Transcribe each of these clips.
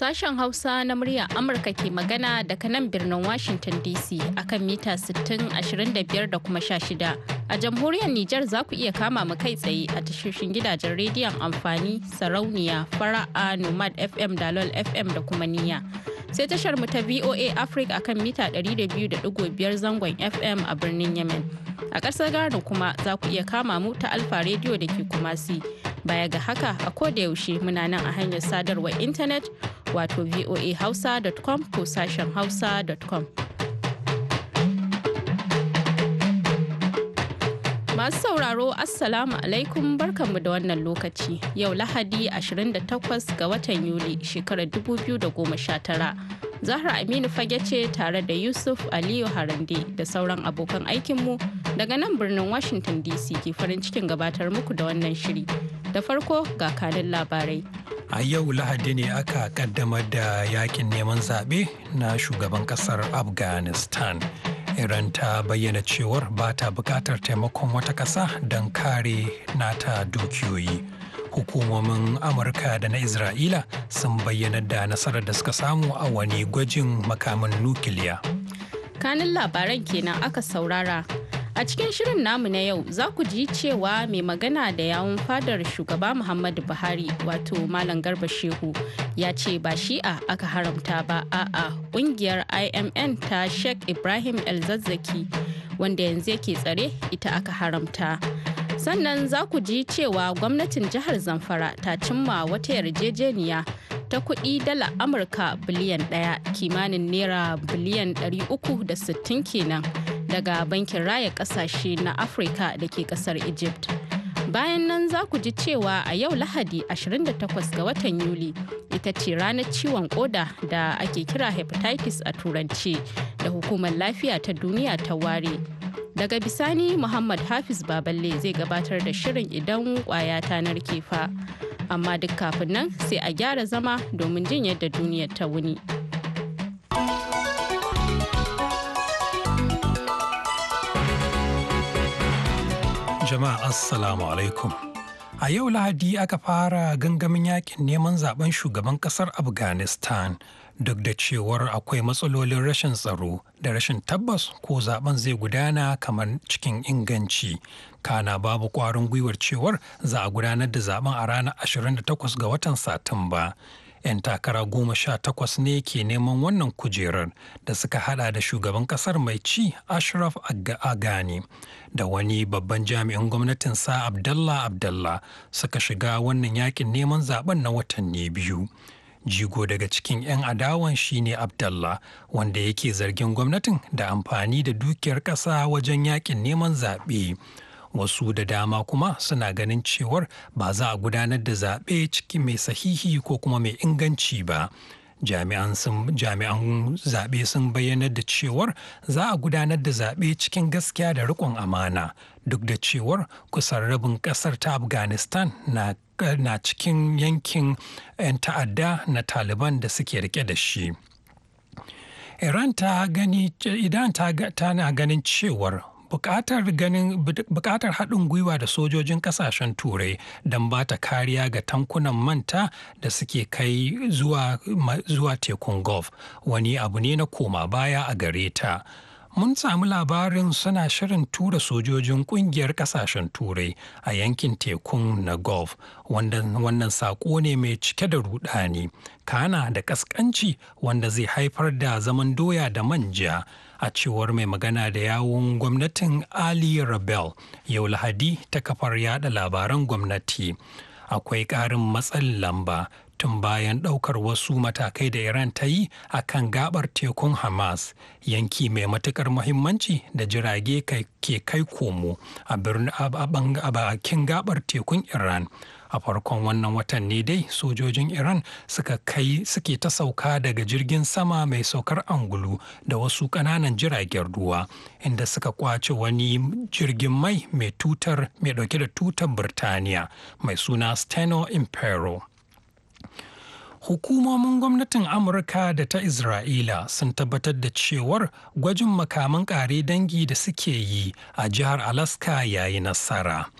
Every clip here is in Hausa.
Sashen Hausa na muryar Amurka ke magana daga nan birnin Washington DC akan mita 60, 25 da kuma sha shida A jamhuriyar Nijar za ku iya kama mu kai tsaye a tashoshin gidajen rediyon amfani, sarauniya, fara'a, nomad FM, dalol FM da kuma niya. sai tashar mu ta VOA Africa akan mita 200.5 zangon FM a birnin Yemen. A ƙasar Ghana kuma za ku iya kama mu ta Alfa Radio da ke Kumasi. Baya ga haka a koda yaushe muna nan a hanyar sadarwar intanet wato voahausa.com ko sashen hausa.com. Masu sauraro Assalamu alaikum barkanmu da wannan lokaci yau Lahadi 28 ga watan Yuli shekarar 2019. Zahra Aminu fage ce tare da Yusuf Aliyu Harande da sauran abokan aikinmu daga nan birnin Washington DC ke farin cikin gabatar muku da wannan shiri. Da farko ga kanin labarai. A yau Lahadi ne aka kaddamar da yakin neman zaɓe na shugaban ƙasar Afghanistan. iran ta bayyana cewar ba ta bukatar taimakon wata ƙasa don kare nata dukiyoyi hukumomin amurka da na isra'ila sun bayyana da nasarar da suka samu a wani gwajin makamin nukiliya kanin labaran kenan aka saurara A cikin shirin namu na yau za ku ji cewa mai magana da yawun fadar shugaba Muhammadu Buhari wato Malam Garba Shehu ya ce ba shi'a aka haramta ba a'a kungiyar IMN ta Sheikh Ibrahim Elzazzaki wanda yanzu yake tsare ita aka haramta. Sannan za ku ji cewa gwamnatin jihar Zamfara ta cimma wata yarjejeniya ta kuɗi dala Amurka biliyan ɗaya kimanin naira biliyan 360 kenan. daga bankin raya kasashe na afirka da ke kasar egypt bayan nan za ku ji cewa a yau lahadi 28 ga watan yuli ita ce ranar ciwon koda da ake kira hepatitis a turanci da hukumar lafiya ta duniya ta ware daga bisani muhammad hafiz baballe zai gabatar da shirin idan kwaya ta narke fa amma duk kafin nan sai a gyara zama domin jin yadda duniyar ta wuni. jama'a assalamu alaikum. A yau Lahadi aka fara gangamin yakin neman zaben shugaban kasar Afghanistan duk da cewar akwai matsalolin rashin tsaro da rashin tabbas ko zaben zai gudana kamar cikin inganci. Kana babu kwarin gwiwar cewar za a gudanar da zaben a ranar 28 ga watan Satumba. 'yan takara goma sha takwas ne ke neman wannan kujerar da suka hada da shugaban kasar mai ci ashraf agani da wani babban jami'in gwamnatin sa abdallah abdallah suka shiga wannan yakin neman zaben na watanni biyu jigo daga cikin 'yan adawan shine abdallah wanda yake zargin gwamnatin da amfani da dukiyar ƙasa wajen yakin neman zaɓe. wasu da dama kuma suna ganin cewar ba za a gudanar da zaɓe cikin mai sahihi ko kuma mai inganci ba jami'an zaɓe sun bayyanar da cewar za a gudanar da zaɓe cikin gaskiya da riƙon amana duk da cewar kusan rabin ƙasar ta afghanistan na cikin yankin 'yan ta'adda na taliban da suke rike da shi iran ta idan ta na ganin cewar buƙatar ganin buƙatar haɗin gwiwa da sojojin ƙasashen turai don ba ta kariya ga tankunan manta da suke kai zuwa, tekun gulf wani abu ne na koma baya a gare ta mun samu labarin suna shirin tura sojojin ƙungiyar ƙasashen turai a yankin tekun na gulf wannan saƙo ne mai cike da rudani kana da ƙasƙanci wanda zai haifar da zaman doya da manja a cewar mai magana da yawun gwamnatin ali rabel yau lahadi ta kafar yada labaran gwamnati akwai ƙarin matsalin lamba tun bayan ɗaukar wasu matakai da Iran ta yi a kan gabar tekun Hamas, yanki mai matuƙar muhimmanci da jirage ke kai komo a bakin gabar tekun Iran. a farkon wannan watan ne dai sojojin iran suka kai suke ta sauka daga jirgin sama mai saukar angulu da wasu kananan jiragen ruwa inda suka kwace wani jirgin mai mai tutar mai dauke da tutar birtaniya mai suna steno impero hukumomin gwamnatin amurka da ta isra'ila sun tabbatar da cewar gwajin makaman kare dangi da suke yi a jihar alaska yayi nasara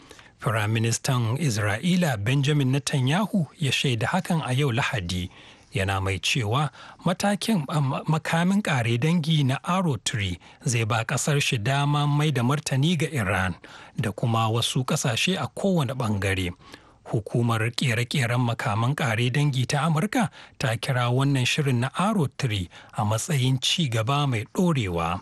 Firaministan Isra'ila Benjamin Netanyahu ya shaida hakan a yau Lahadi, yana mai cewa matakin makamin ƙare dangi na Aro 3 zai ba ƙasar shi dama mai da martani ga Iran da kuma wasu ƙasashe a kowane ɓangare. hukumar kere-keren makaman kare dangi ta amurka ta kira wannan shirin na aro 3 a matsayin ci gaba mai dorewa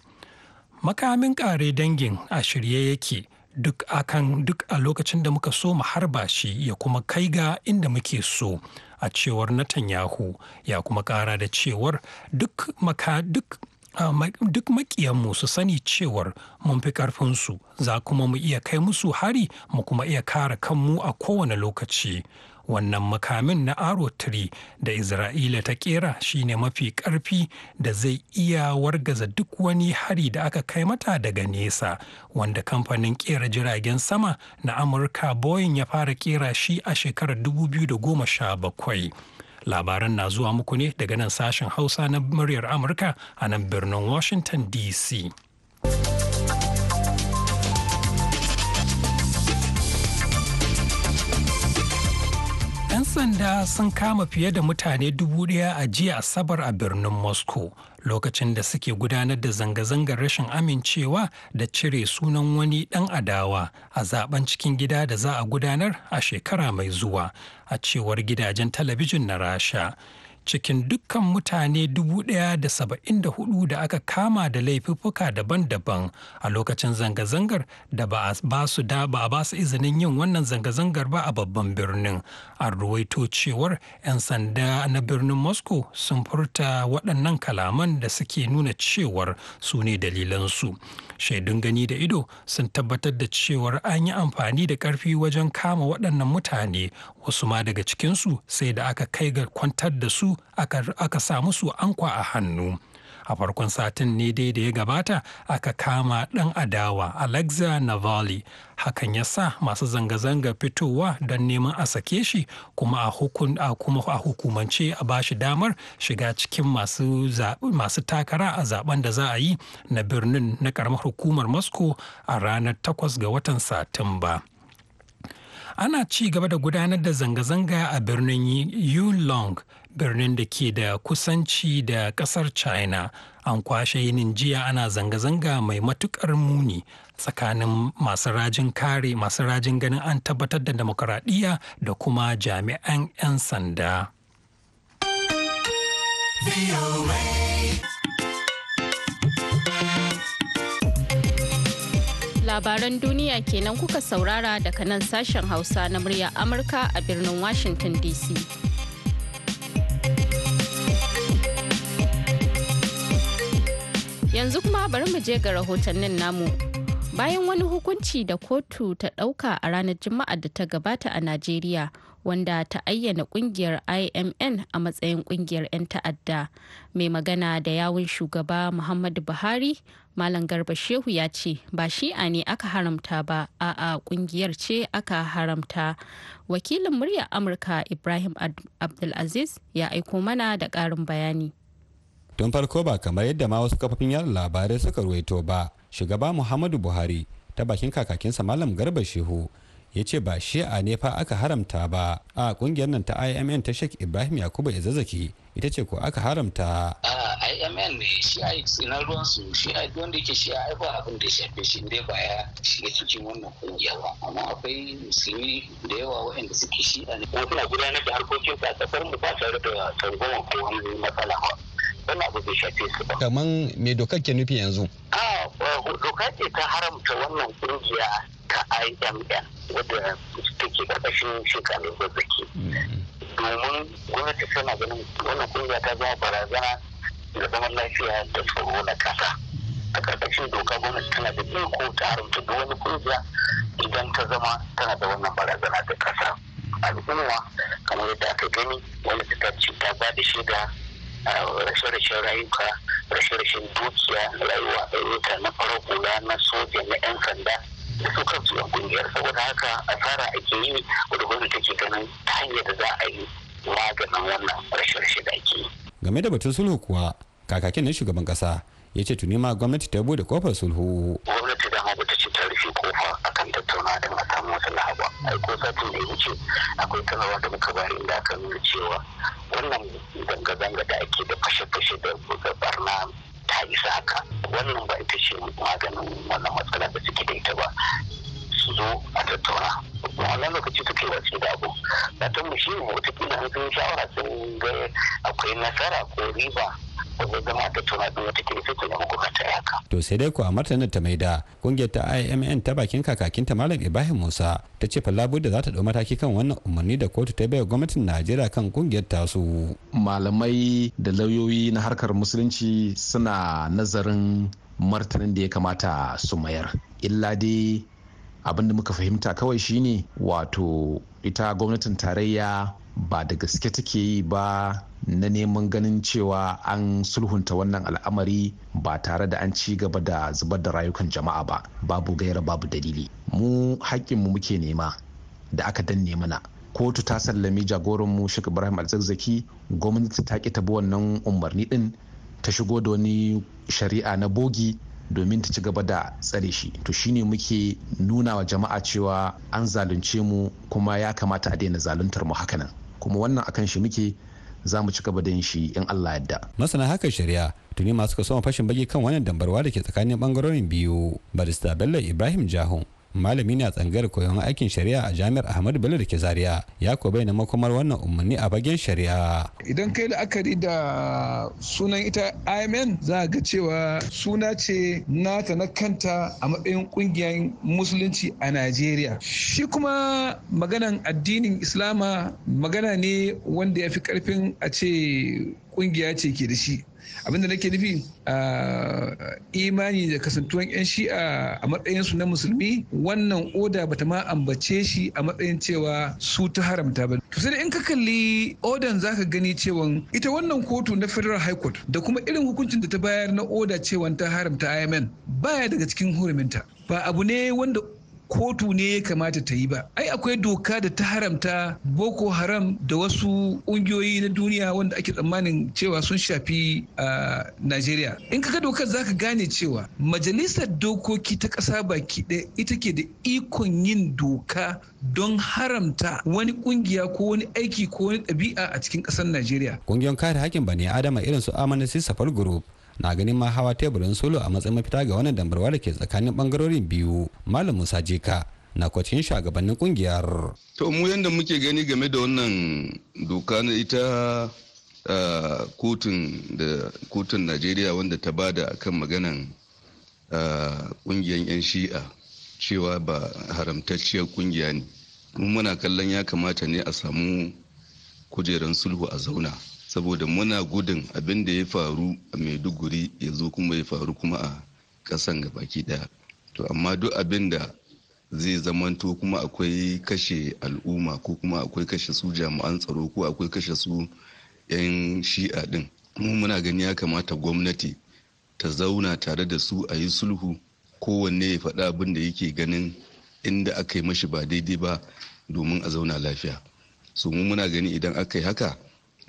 makamin kare dangin a shirye yake duk akan duk a lokacin da muka so mu harba shi ya kuma kai ga inda muke so a cewar Netanyahu ya kuma kara da cewar duk maka duk duk makiyanmu su sani cewar mun fi ƙarfinsu za kuma mu iya kai musu hari mu kuma iya kare kanmu a kowane lokaci wannan makamin na aro 3 da isra'ila ta kera shine mafi karfi da zai iya wargaza duk wani hari da aka kai mata daga nesa wanda kamfanin kera jiragen sama na amurka boeing ya fara kera shi a shekarar 2017 labaran na zuwa muku ne daga nan sashen hausa na muryar amurka a nan birnin washington dc yan sanda sun kama fiye da mutane dubu ɗaya a jiya asabar a birnin moscow lokacin da suke gudanar da zanga-zangar rashin amincewa da cire sunan wani ɗan adawa a zaben cikin gida da za a gudanar a shekara mai zuwa a cewar gidajen talabijin na rasha cikin dukkan mutane dubu 1,074 da saba'in da da aka kama da laifuffuka daban-daban a lokacin zanga-zangar da ba a ba su izinin yin wannan zanga-zangar ba a babban birnin an ruwaito cewar 'yan sanda na birnin moscow sun furta waɗannan kalaman da suke nuna cewar su ne dalilansu shaidun gani da ido sun tabbatar da cewar an yi amfani da ƙarfi wajen kama waɗannan mutane wasu ma daga cikinsu sai da aka kai ga kwantar da su aka samu su ankwa a hannu a farkon satin ne dai da ya gabata aka kama ɗan adawa alexa navalny hakan ya sa masu zanga-zanga fitowa don neman a sake shi kuma a hukumance a ba shi damar shiga cikin masu takara a zaben da za a yi na birnin na karamar hukumar moscow a ranar 8 ga watan satumba. ana ci gaba da gudanar da zanga-zanga a birnin yulong birnin da ke da kusanci da kasar china an kwashe yinin jiya ana zanga-zanga mai matukar muni tsakanin masu rajin kare masu rajin ganin an tabbatar da demokuraɗiyya da kuma jami'an 'yan sanda labaran duniya kenan kuka saurara daga nan sashen hausa na murya amurka a birnin washington dc Yanzu kuma bari mu je ga rahotannin namu. Bayan wani hukunci da kotu ta ɗauka a ranar Juma'a da ta gabata a Najeriya wanda ta ayyana kungiyar IMN a matsayin kungiyar 'yan ta'adda. Mai magana da yawun shugaba Muhammadu Buhari, Malam Garba Shehu ya ce ba shi'a ne aka haramta ba, a'a kungiyar ce aka haramta. Wakilin muryar Amurka Ibrahim Abdulaziz ya aiko mana da ƙarin bayani. tun farko ba kamar yadda ma wasu kafafin yada labarai suka ruwaito ba shugaba muhammadu buhari ta bakin kakakinsa malam garba shehu ya ce ba shi'a ne fa aka haramta ba a kungiyar nan ta imn ta sheik ibrahim yakubu zazzaki ita ce ko aka haramta a imn ne a yi ruwan su a wanda yake shi a abin da shafe shi ne ba ya shiga cikin wannan kungiya ba amma akwai musulmi da yawa waɗanda suke shi a ne kuma suna gudanar da harkokin a kasar mu ba tare da tsangwama ko wani matsala ba wani abu bai shafe su ba. kaman me dokar ke nufi yanzu. a eh, doka ce ta haramta wannan kungiya ta imn wadda take karkashin shekarun zaki-zaki. domin gwamnati tana ganin wannan kungiya ta zama barazana da zaman lafiya da tsaro na kasa a karkashin doka gwamnati tana da ko ta haramta duk wani kungiya idan ta zama tana da wannan barazana da kasa al'umma kamar yadda aka gani wani ta ce ta ba da shaida rashe-rashen rayuka rashe-rashen dukiya rayuwa ɗauyuka na fara na soja na 'yan sanda da suka kansu 'yan kungiyar saboda haka asara ake yi wadda gwamnati take ganin ta hanyar da za a yi maganin wannan rashe-rashe da ake game da batun sulhu kuwa kakakin na shugaban kasa ya ce tuni ma gwamnati ta bude kofar sulhu. gwamnati ta rufe kofa akan tattauna don a samu wata lahaba ai ko satin da wuce akwai sanarwa da muka bayar da aka nuna cewa wannan zanga-zanga da ake da fashe-fashe da barna ta isa haka wannan ba ita ce maganin wannan matsala da suke da ita ba su zo a tattauna wannan lokaci suke watsi da abu na tambashi wata watakila an sun shawara sun ga akwai nasara ko riba zama da wata ta to sai dai ko a martanin ta da kungiyar ta imn ta bakin kakakinta malam ibrahim musa ta ce fallabu da za ta ɗau mataki kan wannan umarni da kotu ta bai gwamnatin najeriya kan kungiyar su. malamai da lauyoyi na harkar musulunci suna nazarin martanin da ya kamata su mayar illa dai abin da muka fahimta kawai shine wato ita gwamnatin tarayya ba da gaske take yi ba na neman ganin cewa an sulhunta wannan al'amari ba tare da an ci gaba da zubar da rayukan jama'a ba babu gaira babu dalili mu mu muke nema da aka danne mana kotu ta sallami jagoranmu shi ibrahim alzazzaki gwamnati ta ƙi tabi wannan umarni ɗin, ta shigo da wani shari'a na bogi domin ta ci gaba da tsare shi to shine muke nuna wa jama'a cewa an zalunce mu kuma ya kamata a daina zaluntar mu haka nan. kuma wannan akan shi muke za mu ci gaba da shi in Allah yadda. Masana haka shari'a tuni masu kasuwa fashin bage kan wannan dambarwa da ke tsakanin bangarorin biyu barista Bello Ibrahim Jahun malami ne a tsangayar koyon aikin shari'a a jami'ar ahmadu bello da ke zaria ya ko bayyana makomar wannan umarni a bagen shari'a idan kai la'akari da sunan ita imn za a ga cewa suna ce nata na kanta a matsayin kungiyar musulunci a najeriya shi kuma maganan addinin islama magana ne wanda ya fi karfin a ce kungiya ce ke da shi abinda nake nufi imani da kasantuwan 'yan shi'a a matsayinsu na musulmi wannan oda bata ma ambace shi a matsayin cewa su ta haramta ba to sai in ka kalli odan zaka gani cewa ita wannan kotu na federal high court da kuma irin hukuncin da ta bayar na oda cewa ta haramta imn baya daga cikin huruminta ba abu ne wanda kotu ne ya kamata ta yi ba ai akwai doka da ta haramta boko haram da wasu ƙungiyoyi na duniya wanda ake tsammanin cewa sun shafi a najeriya in kaga dokar zaka gane cewa majalisar dokoki ta ƙasa baki ɗaya ita ke da ikon yin doka don haramta wani ƙungiya ko wani aiki ko wani ɗabi'a a cikin ƙasar najeriya ƙungiyar kare hakkin bani adama irin su amana safar group na ganin ma hawa teburin solo a matsayin mafita ga wannan dambarwa da ke tsakanin bangarorin biyu malam musa jeka na kwacin shugabannin kungiyar to mu yadda muke gani game da wannan doka na ita kotun da kotun najeriya wanda ta bada kan maganan kungiyar yan shi'a cewa ba haramtacciyar kungiya ne muna kallon ya kamata ne a samu kujerar sulhu a zauna saboda muna gudun abin da ya faru a maiduguri ya zo kuma ya faru kuma a kasan baki daya to amma duk abin da zai zamanto kuma akwai kashe al'umma ko kuma akwai kashe su jami'an tsaro ko akwai kashe su 'yan shi'a din mu muna gani ya kamata gwamnati ta zauna tare da su a yi sulhu kowanne ya faɗa abin da yake ganin inda aka yi mashi ba daidai ba domin a zauna lafiya su mu muna gani idan aka yi haka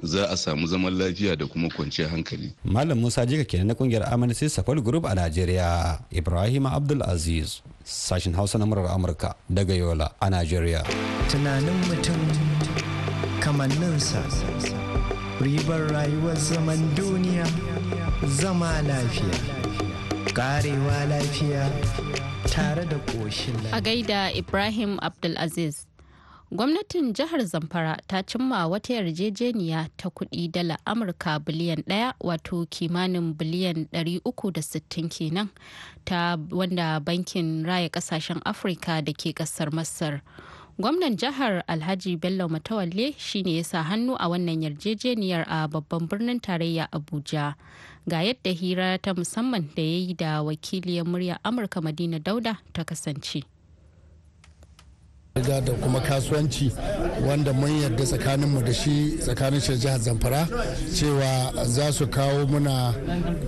za a samu zaman lafiya da kuma kwanciyar hankali. Malam Musa Jika kenan na kungiyar Amnesty Safal Group a Najeriya. Ibrahim Abdul Aziz, sashin Hausa na murar Amurka daga Yola a Najeriya. Tunanin mutum sa ribar rayuwar zaman duniya zama lafiya. Karewa lafiya tare da koshin. A gaida Ibrahim Abdulaziz. gwamnatin jihar zamfara ta cimma wata yarjejeniya ta kudi dala amurka biliyan ɗaya wato kimanin biliyan 360 kenan ta wanda bankin raya kasashen afirka da ke kasar masar gwamnan jihar alhaji bello matawalle shine ya sa hannu a wannan yarjejeniyar a babban birnin tarayya abuja ga yadda hira ta musamman da ya yi da wakiliyar murya amurka madina dauda ta kasance da kuma kasuwanci wanda mun yarda tsakaninmu da shi tsakanin shi jihar zamfara cewa za su kawo muna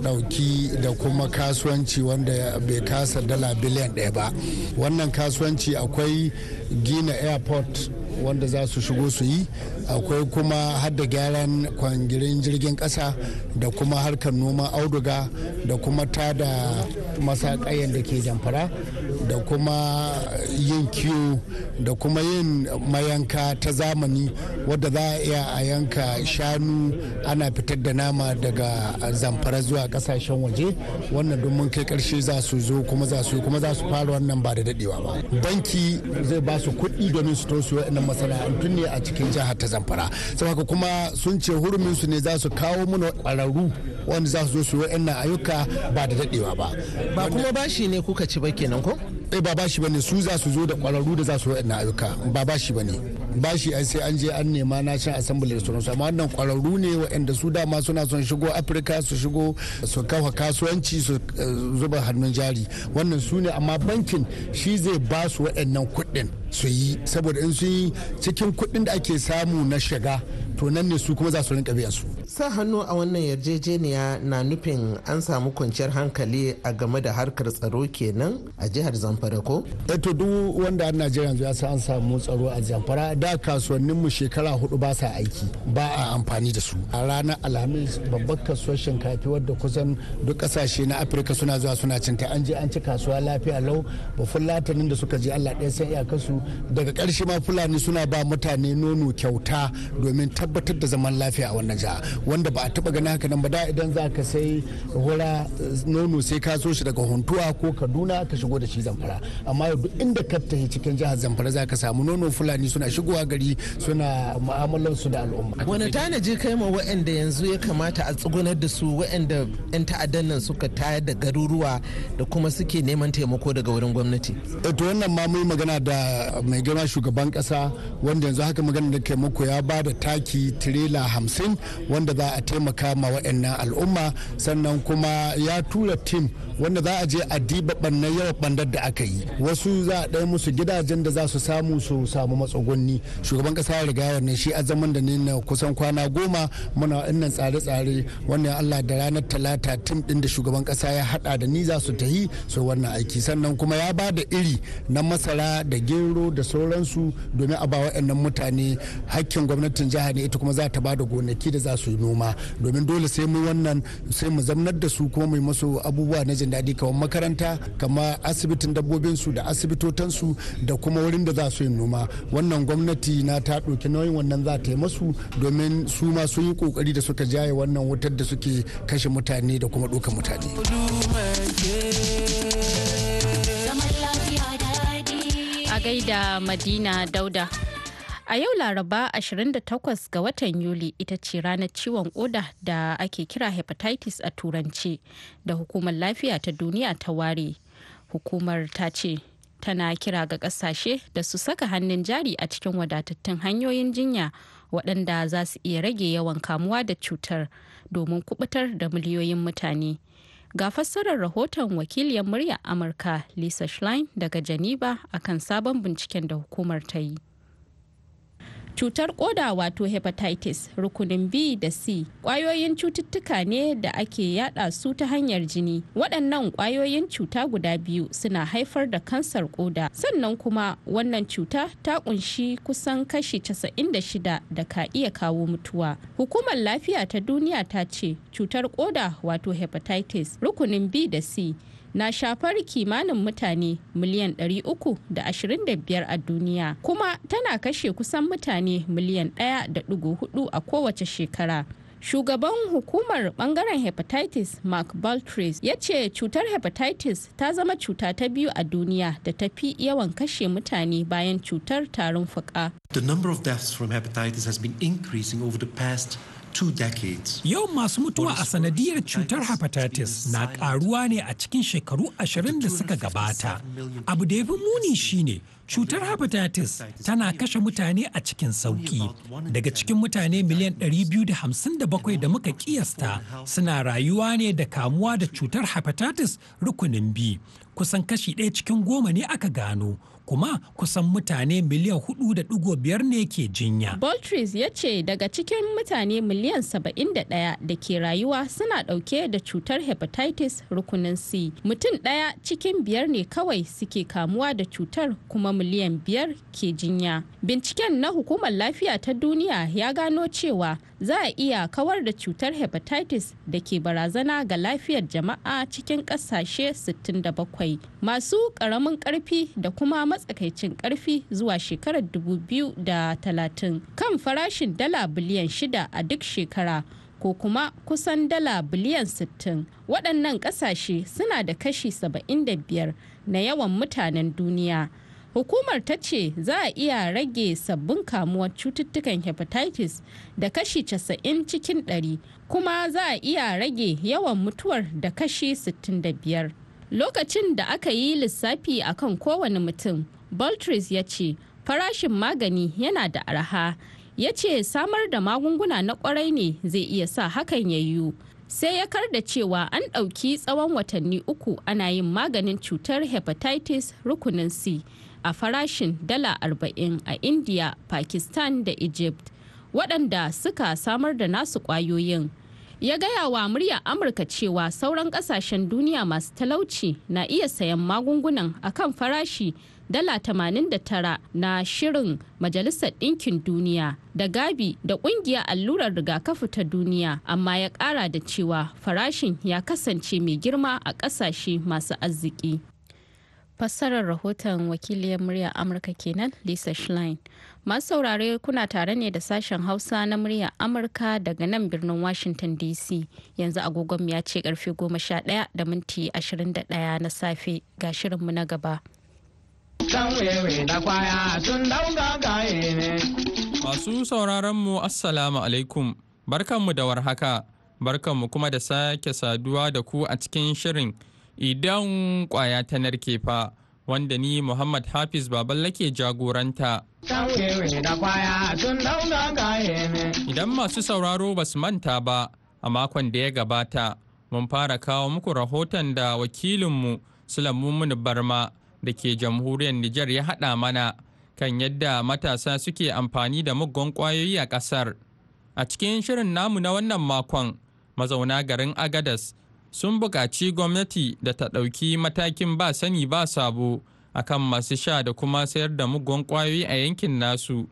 dauki da kuma kasuwanci wanda bai kasa dala biliyan ɗaya ba wannan kasuwanci akwai gina airport wanda za su shigo su yi akwai kuma hada gyaran kwangirin jirgin kasa da kuma harkar noman auduga da kuma tada masakayen da ke jamfara da kuma yin kiwo da kuma yin mayanka ta zamani wadda za a iya a yanka shanu ana fitar da nama daga zamfara zuwa kasashen waje wannan domin kai karshe za su zo kuma za su kuma za su fara wannan ba da dadewa ba banki zai ba su kuɗi domin su tosu su masana'antu ne a cikin jihar ta zama. kamfara saboda kuma sun ce hurumin su ne za su kawo mana kwararru wanda za su zo su yi ayyuka ba da dadewa ba ba kuma bashi ne kuka ci ba kenan ko eh ba bashi bane su za su zo da kwararru da za su yi ayyuka ba bashi bane bashi ai sai an je an nema national assembly da sauransu amma wannan kwararru ne waɗanda su dama suna son shigo afirka su shigo su kafa kasuwanci su eh, zuba hannun jari wannan su ne amma bankin shi zai ba su waɗannan kuɗin su yi saboda in su yi cikin kuɗin da ake samu na shiga to nan ne su kuma za su rinka biyan su sa hannu a wannan yarjejeniya na nufin an samu kwanciyar hankali a game da harkar tsaro kenan a jihar zamfara ko eh to duk wanda a najeriya yanzu ya san an samu tsaro a zamfara da kasuwannin mu shekara hudu ba sa aiki ba a amfani da su a ranar alhamis babbar kasuwar shinkafi wadda kusan duk kasashe na afirka suna zuwa suna cinta an je an ci kasuwa lafiya lau ba fulatanin da suka je allah ɗaya san iyakarsu daga ƙarshe ma fulani suna ba mutane nono kyauta domin ta. tabbatar da zaman lafiya a wannan jiha wanda ba a taba ganin haka nan ba da idan za ka sai hura nono sai ka zo shi daga huntuwa ko kaduna ka shigo da shi zamfara amma yau duk inda ka tafi cikin jihar zamfara za ka samu nono fulani suna shigowa gari suna mu'amalar su da al'umma wani tanaji kai ma waɗanda yanzu ya kamata a tsugunar da su waɗanda 'yan ta'addan nan suka tayar da garuruwa da kuma suke neman taimako daga wurin gwamnati e, to wannan ma mun magana da mai gama shugaban kasa wanda yanzu haka magana da kai muku ya ba da taki ɗauki tirela hamsin wanda za a taimaka ma wa'annan al'umma sannan kuma ya tura tim wanda za a je a diba bannan yawan bandar da aka yi wasu za a ɗaya musu gidajen da za su samu su samu matsugunni shugaban ƙasa ya riga wannan shi a da ne na kusan kwana goma muna wa'annan tsare-tsare wannan allah da ranar talata tim ɗin da shugaban ƙasa ya haɗa da ni za su tahi su wannan aiki sannan kuma ya ba da iri na masara da gero da sauransu domin a ba wa'annan mutane hakkin gwamnatin jihar ne da ita kuma za ta ba da gonaki da za su yi noma domin dole sai mu wannan sai mu zamnar da su kuma mu masu abubuwa na jin daɗi kamar makaranta kamar asibitin dabbobin su da asibitotansu da kuma wurin da za su yi noma wannan gwamnati na ta ɗauki nauyin wannan za ta yi masu domin su ma sun yi ƙoƙari da suka jaye wannan wutar da suke kashe mutane da kuma ɗaukar mutane. A gaida Madina Dauda. A yau Laraba 28 ga watan Yuli ita ce ranar ciwon koda da ake kira hepatitis a turanci da hukumar lafiya ta duniya ta ware. Hukumar ta ce tana kira ga kasashe da su saka hannun jari a cikin wadatattun hanyoyin jinya waɗanda za su iya rage yawan kamuwa da cutar domin kubutar da miliyoyin mutane. Ga fassarar rahoton wakiliyar murya Amurka Lisa Schlein daga Geneva akan sabon binciken da hukumar ta yi. cutar koda wato hepatitis rukunin b da c kwayoyin cututtuka ne da ake yada su ta hanyar jini waɗannan kwayoyin cuta guda biyu suna haifar da kansar koda sannan kuma wannan cuta ta kunshi kusan kashi 96 da ka iya kawo mutuwa hukumar lafiya ta duniya ta ce cutar koda wato hepatitis rukunin b da c na shafar kimanin mutane miliyan 325 a duniya kuma tana kashe kusan mutane miliyan 1.4 a kowace shekara. shugaban hukumar bangaren hepatitis mark baltris ya ce cutar hepatitis ta zama cuta ta biyu a duniya da ta fi yawan kashe mutane bayan cutar tarin fuka. the number of deaths from hepatitis has been increasing over the past Yau masu mutuwa a sanadiyar cutar hepatitis na karuwa ne a cikin shekaru ashirin da suka gabata. Abu da ya fi muni shine cutar hepatitis tana kashe mutane a cikin sauki. Daga cikin mutane miliyan 257 da muka kiyasta suna rayuwa ne da kamuwa da cutar hepatitis rukunin B. Kusan kashi ɗaya cikin goma ne aka gano. kuma kusan mutane miliyan 4.5 ne ke jinya. Boltris ya ce daga cikin mutane miliyan 71 da ke rayuwa suna ɗauke da cutar hepatitis rukunin C. Mutum ɗaya cikin biyar ne kawai suke kamuwa da cutar kuma miliyan biyar ke jinya. Binciken na hukumar lafiya ta duniya ya gano cewa za a iya kawar da cutar hepatitis da ke barazana ga lafiyar jama'a cikin ƙasashe 67 masu ƙaramin ƙarfi da kuma matsakaicin karfi zuwa shekarar 2030 kan farashin dala biliyan shida a duk shekara ko kuma kusan dala biliyan 60 waɗannan ƙasashe suna da kashi 75 na yawan mutanen duniya hukumar ta ce za a iya rage sabbin kamuwar cututtukan hepatitis da kashi 90 cikin 100 kuma za a iya rage yawan mutuwar da kashi 65 lokacin da aka yi lissafi akan kowane mutum boltris ya ce farashin magani yana da arha ya ce samar da magunguna na kwarai ne zai iya sa hakan ya yiwu sai ya kar da cewa an ɗauki tsawon watanni uku ana yin maganin cutar hepatitis rukunin c a farashin dala arba'in a india pakistan da egypt waɗanda suka samar da nasu ƙwayoyin ya gaya wa murya amurka cewa sauran kasashen duniya masu talauci na iya sayan magungunan akan farashi dala 89 na shirin majalisar ɗinkin duniya da gabi da ƙungiyar allurar rigakafi ta duniya amma ya ƙara da cewa farashin ya kasance mai girma a ƙasashe masu arziki Fassarar rahoton wakiliyar murya Amurka kenan Lisa Schlein. Masu saurare kuna tare ne da sashen Hausa na murya Amurka daga nan birnin Washington DC. Yanzu agogon ya ce karfe 11 da minti 21 na safe ga shirinmu na gaba. Masu sauraron mu Assalamu alaikum. Barkanmu da warhaka. Barkanmu kuma da sake saduwa da ku a cikin shirin idan kwaya ta narke fa wanda ni Muhammad Hafiz Baban lake jagoranta. Idan masu sauraro ba su manta ba a makon da ya gabata, mun fara kawo muku rahoton da wakilinmu Sulamumun Barma da ke jamhuriyar Nijar ya haɗa mana kan yadda matasa suke amfani da muggon ƙwayoyi a ƙasar. A cikin shirin namu na wannan makon, mazauna garin Agadas sun buƙaci gwamnati da ta ɗauki matakin ba sani ba sabo akan masu sha da kuma sayar da mugun ƙwayoyi a yankin nasu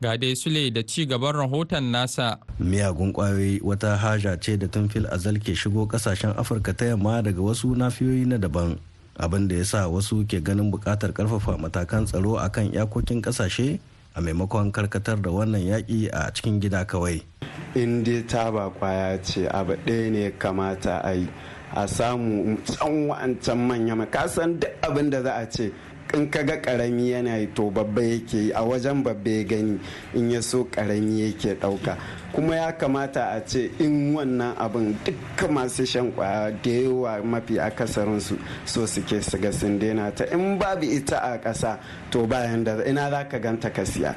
ga dai sule da ci gaban rahoton nasa miyagun ƙwayoyi wata haja ce da tun fil azal ke shigo ƙasashen afirka ta yamma daga wasu nafiyoyi na daban abin da ya sa wasu ke ganin buƙatar ƙarfafa matakan tsaro akan iyakokin ƙasashe a maimakon karkatar da wannan yaƙi a cikin gida kawai in dai ba kwaya ce abu ɗaya ne kamata a yi a samu can wa'ancan manya ka san duk abin da za a ce in ka ga karami yana yi to babba yake yi a wajen babba ya gani in ya so karami yake ɗauka kuma ya kamata a ce in wannan abin duka masu shan kwaya da yawa mafi akasarinsu so suke su ga sun daina ta in babu ita a ƙasa to bayan da ina za ka ganta ka siya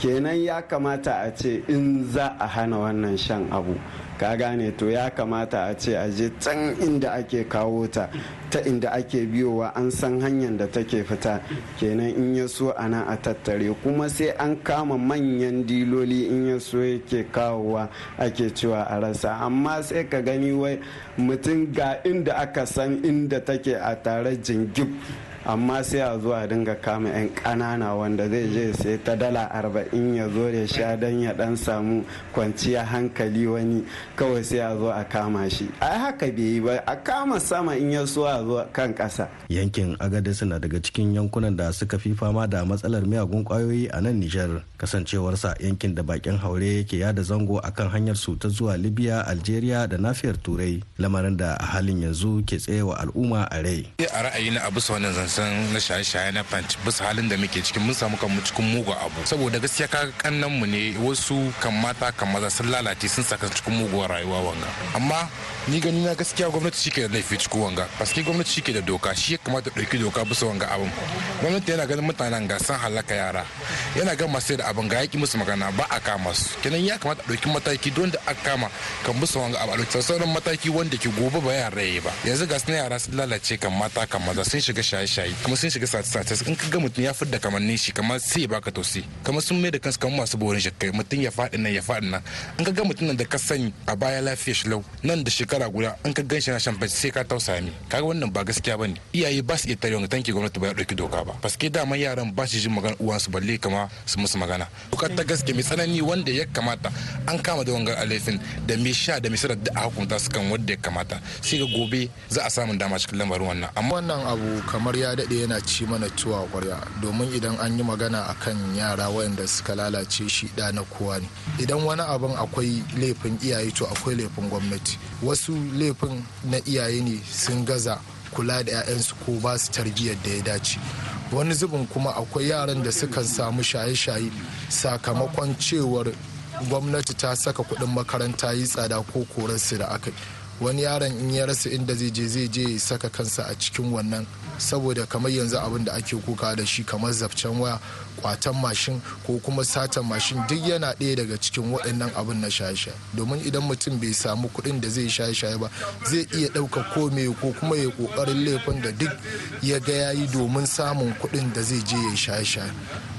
kenan ya kamata a ce in za a hana wannan shan abu ka gane to ya kamata a ce a je can inda ake kawo ta ta inda ake biyowa an san hanyar da take fita kenan in ya so ana a tattare kuma sai an kama manyan diloli in ya so yake kawowa ake cewa a rasa amma sai ka gani wai mutum ga inda aka san inda take a tare jingib amma sai a zuwa dinga kama 'yan ƙanana wanda zai je sai ta dala arba'in ya zo ya sha dan ya dan samu kwanciya hankali wani kawai sai a zo a kama shi a haka bai yi ba a kama sama in ya so a zo kan ƙasa yankin agadis na daga cikin yankunan da suka fi fama da matsalar miyagun kwayoyi a nan nijar kasancewarsa yankin da bakin haure ke yada zango akan hanyar su ta zuwa libya algeria da nafiyar turai lamarin da a halin yanzu ke tsaye wa al'umma a rai a ra'ayi na abu wannan zan san na shaye-shaye na fanci bisa halin da muke cikin mun samu kanmu cikin mugu abu saboda gaskiya ka kannan mu ne wasu kan mata kan maza sun lalace sun saka cikin muguwar rayuwa wanga amma ni gani na gaskiya gwamnati shi ke da laifi cikin wanga paske gwamnati shi ke da doka shi ya kamata ɗauki doka bisa wanga abun gwamnati yana ganin mutanen ga san halaka yara yana ga masu da abin ga yaki musu magana ba a kama su kenan ya kamata ɗauki mataki don da aka kama kan bisa wanga abu a ɗauki sauran mataki wanda ke gobe ba yara ba yanzu ga sun yara sun lalace kan mata kan maza sun shiga shaye-shaye shaye kuma sun shiga sace-sace in ka ga mutum ya fidda kamannin shi kamar sai baka tausi kuma sun mai da kansu kamar masu borin shakkai mutum ya faɗi nan ya faɗi nan in ka ga mutum nan da ka sani a baya lafiya shi lau nan da shekara guda in ka ganshi na shan bacci sai ka tausaya mi kaga wannan ba gaskiya ba ne. iyaye ba su iya tare wani tanki gwamnati ba ya ɗauki doka ba paske dama yaran ba su jin magana uwansu balle kama su musu magana dokar ta gaske mai tsanani wanda ya kamata an kama da wangar alaifin da mai sha da mai sarar da a hukunta su kan wanda ya kamata sai ga gobe za a samun dama cikin lamarin wannan amma wannan abu kamar ya ya daɗe yana ci mana tuwa kwarya domin idan an yi magana a kan yara waɗanda suka lalace shi ɗa na kowa ne idan wani abin akwai laifin iyaye to akwai laifin gwamnati wasu laifin na iyaye ne sun gaza kula da 'ya'yansu ko ba su tarbiyyar da ya dace wani zubin kuma akwai yaran da sukan samu shaye-shaye sakamakon cewar gwamnati ta saka kuɗin makaranta yi tsada ko korarsu da aka wani yaron in ya rasa inda zai je zai je saka kansa a cikin wannan saboda kamar yanzu abin da ake kuka da shi kamar zafcen waya kwatan mashin ko kuma satan mashin duk yana ɗaya daga cikin waɗannan abin na shaye-shaye domin idan mutum bai samu kuɗin da zai shaye-shaye ba zai iya ɗauka ko mai ko kuma ya ƙoƙarin laifin da duk ya ga ya yi domin samun kuɗin da zai je ya shaye-shaye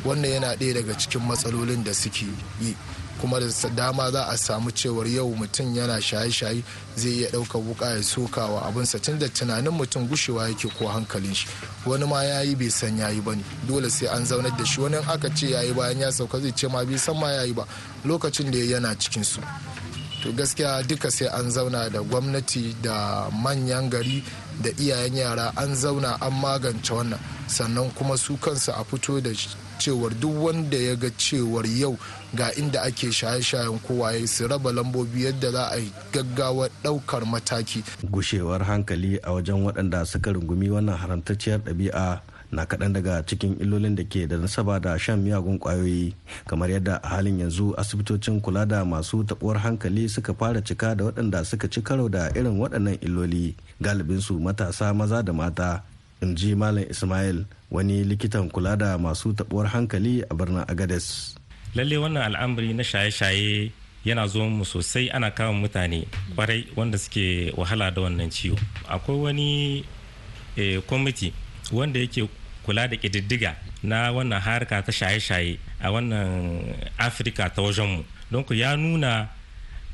wannan yana ɗaya daga cikin matsalolin da suke yi kuma da dama za a samu cewar yau mutum yana shaye-shaye zai iya ɗaukar wuka ya wa abun sa tunda tunanin mutum gushewa yake ko hankalin shi wani ma ya yi bai san ya yi ba ne dole sai an zaunar da shi wani aka ce ya yi bayan ya sauka zai ce ma bai san ma ya yi ba lokacin da yana cikin su to gaskiya duka sai an zauna da gwamnati da manyan gari da iyayen yara an zauna an magance wannan sannan kuma su kansu a fito da cewar duk wanda ya ga cewar yau ga inda ake shaye-shayen kowa ya su raba lambobi yadda za a gaggawa daukar mataki gushewar hankali a wajen waɗanda suka rungumi wannan haramtacciyar ɗabi'a na kaɗan daga cikin illolin da ke da nasaba da shan miyagun ƙwayoyi kamar yadda a halin yanzu asibitocin kula da masu taɓuwar hankali suka fara cika da waɗanda suka ci karo da irin waɗannan illoli galibinsu matasa maza da mata in ji malam ismail wani likitan kula da masu tabuwar hankali a birnin agades lalle wannan al'amari na shaye-shaye yana zo mu sosai ana kama mutane kwarai wanda suke wahala da wannan ciwo akwai wani eh, kwamiti wanda yake kula da ƙididdiga na wannan harka ta shaye-shaye a wannan afirka ta wajenmu don ku ya nuna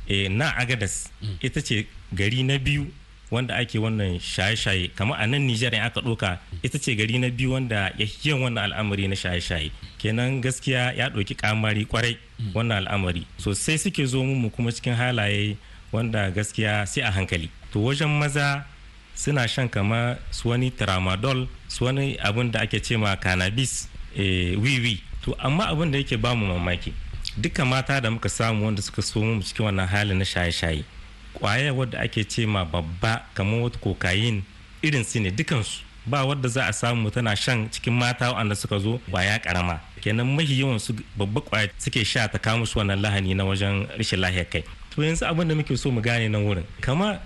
eh, na agadas mm. ita ce gari na biyu wanda ake wannan shaye-shaye kamar a nan Nijar in aka ɗoka ita ce gari na biyu wanda ya yin wannan al'amari na shaye-shaye kenan gaskiya ya ɗauki kamari kwarai wannan al'amari sosai suke zo mu kuma cikin halaye wanda gaskiya sai a hankali to wajen maza suna shan kama su wani tramadol su wani abin da ake ce ma cannabis eh, wiwi to amma abin da yake bamu mamaki dukkan mata da muka samu wanda suka so mu cikin wannan halin na shaye-shaye kwayar wadda ake ce ma babba kamar wata kokayin irin su ne dukansu ba wadda za a samu tana shan cikin mata wanda suka zo kwaya karama kenan mahi yawan su babba kwaya suke sha ta kawo su wannan lahani na wajen rashin lahiyar kai to yanzu abin da muke so mu gane nan wurin kama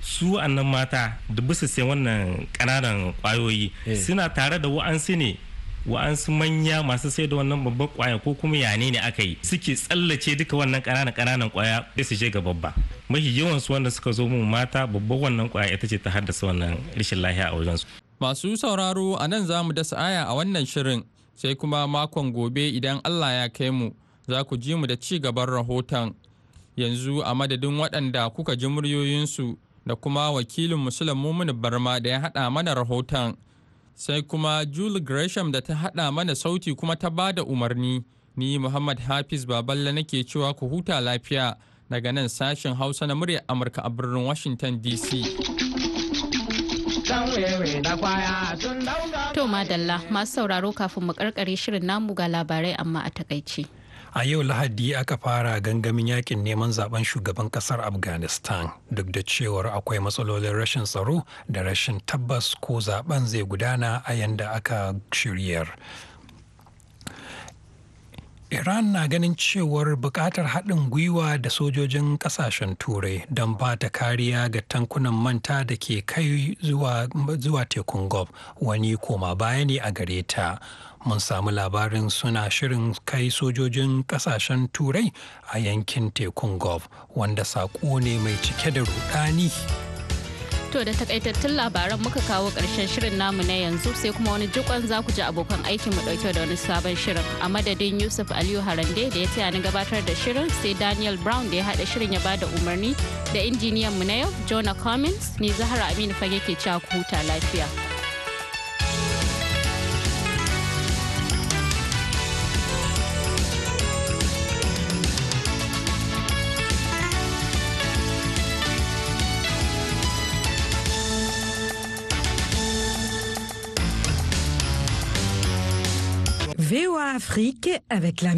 su annan mata da bisa sai wannan kananan kwayoyi eh. suna tare da wa'ansu ne wa'ansu manya masu sai da wannan babban kwaya ko kuma yane ne aka yi suke tsallace duka wannan ƙananan ƙananan kwaya da su je ga babba mafi yawan su wanda suka zo mun mata babban wannan kwaya ita ce ta haddasa wannan rashin lahiya a wajen su masu sauraro a nan za mu dasa aya a wannan shirin sai kuma makon gobe idan Allah ya kai mu za ku ji mu da ci gaban rahoton yanzu a madadin waɗanda kuka ji muryoyinsu da kuma wakilin musulun mumin barma da ya haɗa mana rahoton sai kuma jul Gresham da ta haɗa mana sauti kuma ta ba da umarni. Ni Muhammad Hafiz Baballe nake cewa ku huta lafiya daga nan sashen Hausa na muryar Amurka a birnin Washington DC. To madalla masu sauraro kafin mu karkare shirin namu ga labarai amma a takaici. a yau lahadi aka fara gangamin yakin neman zaben shugaban kasar afghanistan duk da cewar akwai matsalolin rashin tsaro da rashin tabbas ko zaben zai gudana a yanda aka shiryar Iran na ganin cewar bukatar haɗin gwiwa da sojojin ƙasashen turai don ba ta kariya ga tankunan manta da ke kai zuwa, tekun gov wani koma baya ne a gare ta mun samu labarin suna shirin kai sojojin kasashen turai a yankin tekun gov wanda saƙo ne mai cike da rudani. To da takaitattun labaran muka kawo ƙarshen shirin namu na yanzu sai kuma wani jikon za ku ji abokan aikin mu ɗauke da wani sabon shirin. A madadin Yusuf Aliyu Harande da ya taya ni gabatar da shirin sai Daniel Brown da ya haɗa shirin ya bada umarni da injiniyan mu na yau Jonah Cummins ni Zahra Aminu fage ke cewa ku huta lafiya. VOA Afrique avec la